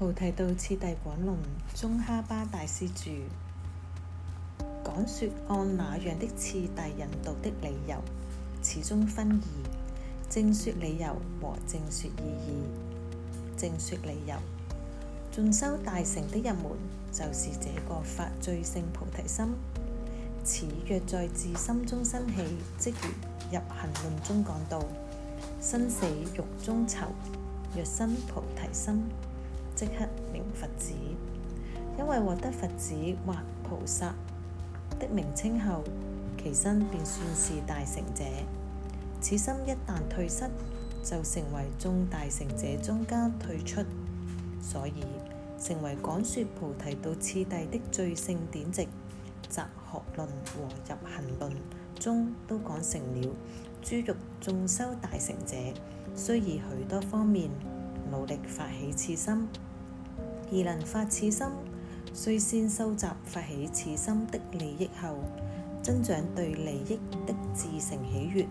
菩提道次第廣論中，哈巴大師著，講說按那樣的次第引導的理由，始終分二：正説理由和正説意義。正説理由，盡修大乘的入門就是這個發罪性菩提心。此若在自心中生起，即如入行論中講道：生死獄中囚，若生菩提心。即刻名佛子，因為獲得佛子或菩薩的名稱後，其身便算是大成者。此心一旦退失，就成為眾大成者中間退出。所以，成為講說菩提道次第的最勝典籍《雜學論》和《入行論》中都講成了。諸欲眾修大成者，雖以許多方面努力發起此心。而能發此心，遂先收集發起此心的利益後，增長對利益的自成喜悦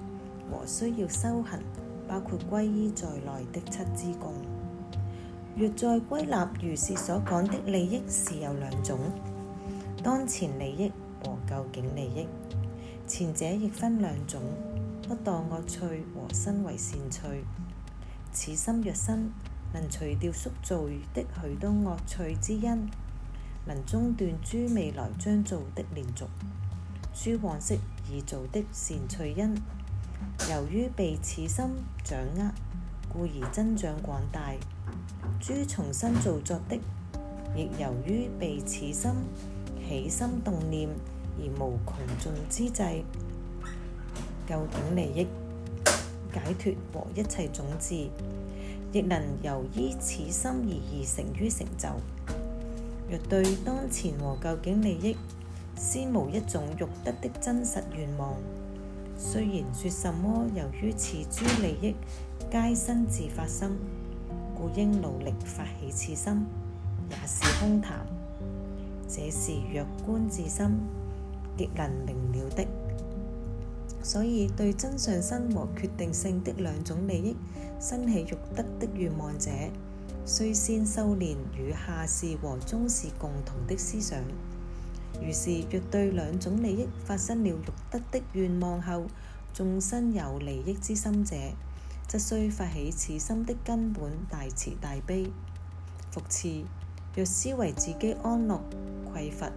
和需要修行，包括皈依在內的七支供。若再歸納如是所講的利益是有兩種：當前利益和究竟利益。前者亦分兩種，不當惡趣和身為善趣。此心若生。能除掉宿造的許多惡趣之因，能中斷諸未來將造的連續，諸往昔已造的善趣因，由於被此心掌握，故而增長廣大。諸重新造作的，亦由於被此心起心動念而無窮盡之際，究竟利益、解脫和一切種智。亦能由於此心而而成於成就。若對當前和究竟利益，先無一種欲得的真實願望，雖然說什麼由於此諸利益皆生自發生，故應努力發起此心，也是空談。這是若觀自心，亦能明了的。所以，對真相身和決定性的兩種利益生起欲得的願望者，需先修練與下士和中士共同的思想。於是，若對兩種利益發生了欲得的願望後，眾生有利益之心者，則需發起此心的根本大慈大悲。復次，若思維自己安樂、匱乏。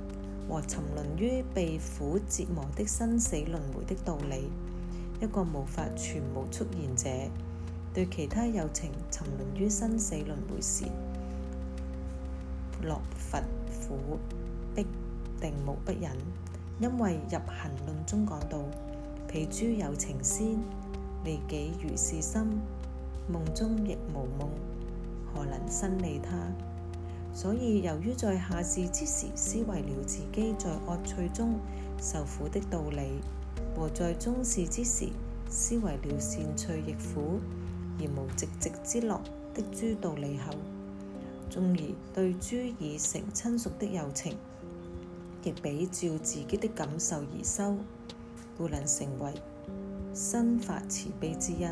我沉淪於被苦折磨的生死輪迴的道理，一個無法全無出現者，對其他有情沉淪於生死輪迴時，落佛苦逼定無不忍，因為入行論中講到，彼諸有情先利己如是心，夢中亦無夢，何能生利他？所以，由於在下士之時思維了自己在惡趣中受苦的道理，和在中士之時思維了善趣亦苦而無直直之樂的諸道理後，縱而對諸已成親屬的友情，亦比照自己的感受而修，故能成為身發慈悲之因，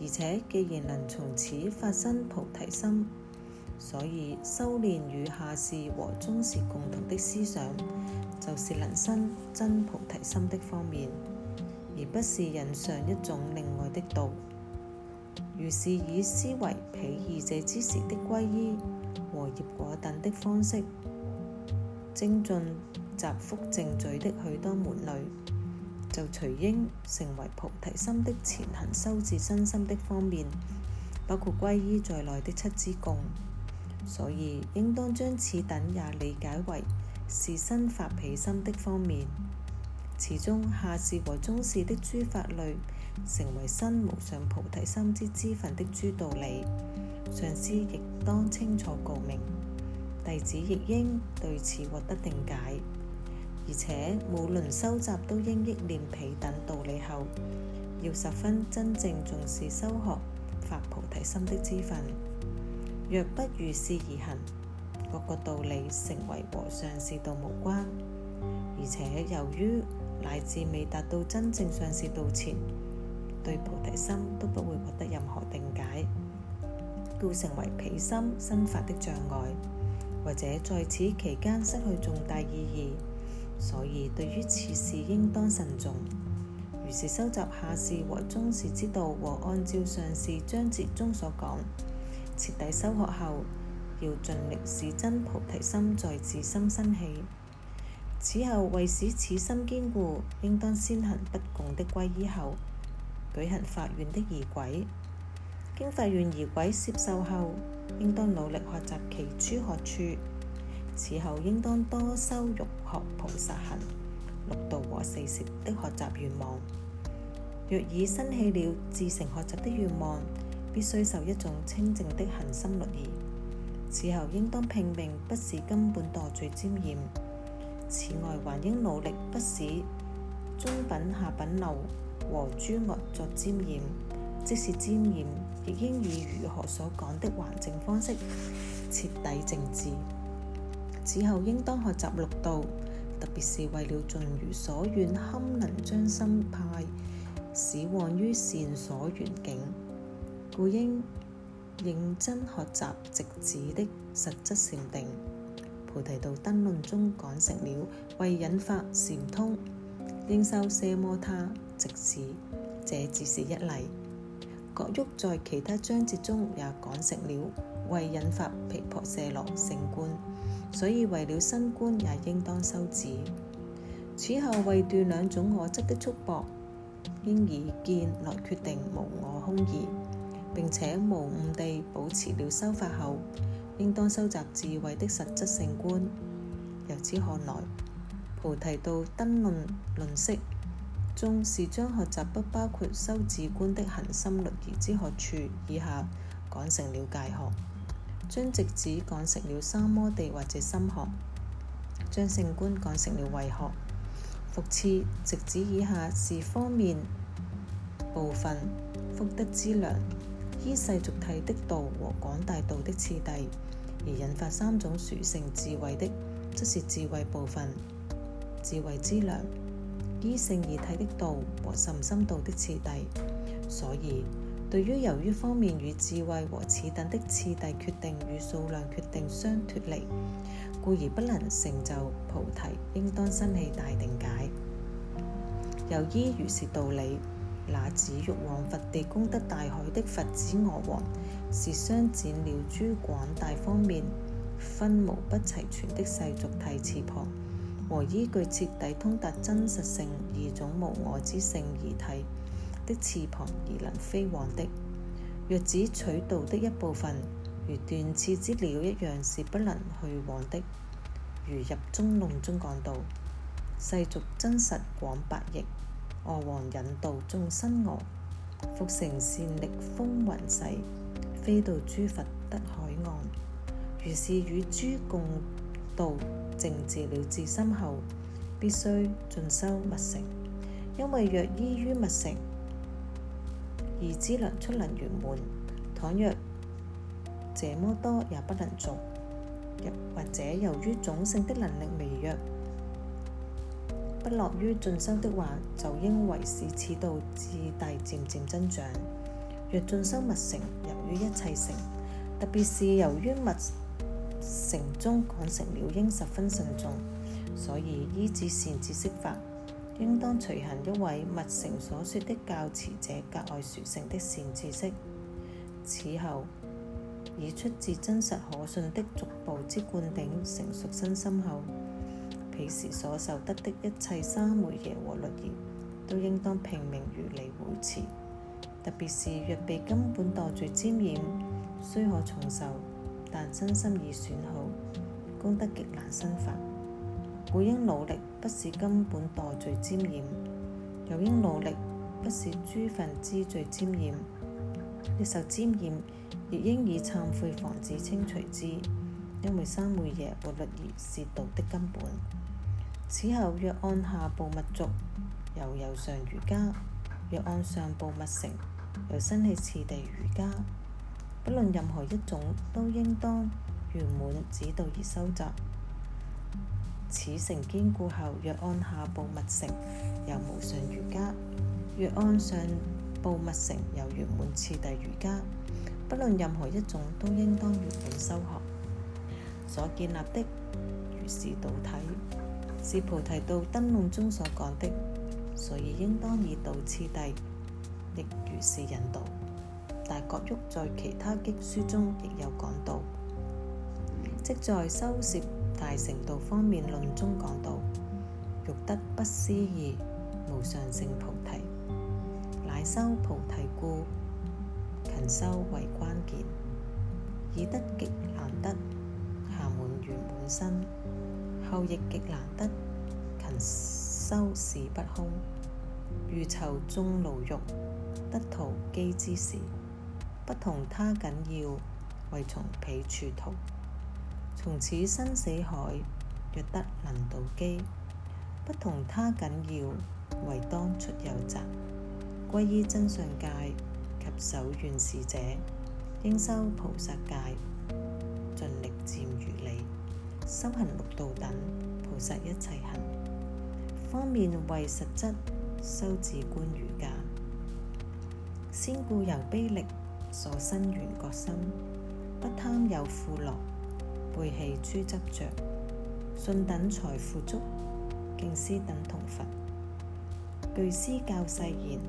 而且，既然能從此發生菩提心。所以修練與下士和中士共同的思想，就是能生真菩提心的方面，而不是人上一種另外的道。如是以思維彼二者之時的歸依和業果等的方式，精進集福淨罪的許多門類，就隨應成為菩提心的前行，修治身心的方面，包括歸依在內的七支供。所以，應當將此等也理解為是生發菩提心的方面。此中下士和中士的諸法類，成為生無上菩提心之資分的諸道理，上士亦當清楚告明，弟子亦應對此獲得定解。而且，無論收集都應憶念彼等道理後，要十分真正重視修學發菩提心的資分。若不如是而行，各個道理成為和上士道無關，而且由於乃至未達到真正上士道前，對菩提心都不會獲得任何定解，故成為彼心生發的障礙，或者在此期間失去重大意義。所以對於此事應當慎重。於是收集下士和中士之道，和按照上士章節中所講。徹底修學後，要盡力使真菩提心在自心生起。此後為使此，此心堅固，應當先行不共的皈依後，舉行發願的儀軌。經發願儀軌接受後，應當努力學習其諸學處。此後應當多修欲學菩薩行，六度和四攝的學習願望。若已生起了自成學習的願望。必須受一種清淨的恆心律儀，此後應當拼命，不使根本墮罪沾染。此外，還應努力不使中品、下品流和諸惡作沾染。即使沾染，亦應以如何所講的還淨方式徹底淨治。此後應當學習六度，特別是為了盡如所願，堪能將心派使往於善所緣境。故應認真學習直指的實質禪定。菩提道燈論中講述了為引發神通，應修奢摩他直指，這只是一例。覺沃在其他章節中也講述了為引發毗缽舍那勝觀，所以為了勝觀也應當修止。此後為斷兩種我執的束縛，應以見來決定無我空義。並且無誤地保持了修法後應當收集智慧的實質性觀。由此看來，菩提道燈論論釋中是將學習不包括修智觀的恆心律儀之學處以下講成了戒學，將直指講成了三摩地或者心學，將性觀講成了慧學，復次直指以下是方面部分福德之量。依世俗諦的道和廣大道的次第，而引發三種殊勝智慧的，則是智慧部分、智慧之量；依勝義諦的道和甚深道的次第。所以，對於由於方面與智慧和此等的次第決定與數量決定相脫離，故而不能成就菩提，應當生起大定解。由於如是道理。那紫玉皇佛地功德大海的佛子鵝王，是相展了諸廣大方面分無不齊全的世俗體翅膀，和依據徹底通達真實性二種無我之性而體的翅膀而能飛往的。若只取道的一部分，如斷翅之鳥一樣，是不能去往的。如入中論中講到，世俗真實廣白翼。我王引導眾生我，復成善力風雲勢，飛到諸佛得海岸。如是與諸共道，淨治了至心後，必須盡修密成。因為若依於密成，而只能出能圓滿。倘若這麼多也不能做，或者由於種姓的能力微弱。不樂於進修的話，就應為使此道至大，漸漸增長。若進修密乘，由於一切乘，特別是由於密乘中講成了，應十分慎重。所以依止善知識法，應當隨行一位密乘所說的教持者，格外殊勝的善知識。此後以出自真實可信的逐步之灌頂成熟身心後。彼時所受得的一切三昧耶和律儀，都應當平明如理回持。特別是若被根本墮罪沾染，雖可重受，但身心已損耗，功德極難生發。故應努力不使根本墮罪沾染，又應努力不使諸份之罪沾染。若受沾染，亦應以懺悔防止清除之，因為三昧耶和律儀是道的根本。此後若按下部密足，由右上瑜伽；若按上部密成，由生起次第瑜伽。不論任何一種，都應當圓滿指導而修習。此成堅固後，若按下部密成，由無上瑜伽；若按上部密成，由圓滿次第瑜伽。不論任何一種，都應當圓滿修學。所建立的如是道體。是菩提道燈論中所講的，所以應當以道次第，亦如是引導。大覺玉在其他經書中亦有講到，即在修涉大成道方面論中講到，欲得不思議無上性菩提，乃修菩提故勤修為關鍵，以得極難得，下滿圓滿身。後亦極難得，勤修是不空。遇籌終牢獄，得逃機之時。不同他緊要，唯從彼處逃。從此生死海，若得能渡機，不同他緊要，唯當出有宅。歸依真相界，及守願事者，應修菩薩戒，盡力漸如理。修行六道等，菩薩一切行方面，為實質修自觀，如假先故，由悲力所生，圓覺心不貪有富樂，背棄諸執着，信等財富足，敬師等同佛，具師教世言，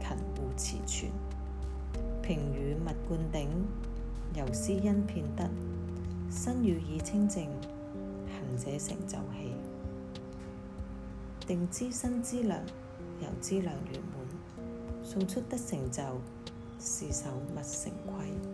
勤護持傳平語，勿灌頂，由師恩遍得。身語意清淨，行者成就器。定知身之量，由知量圓滿，送出得成就，是守物成規。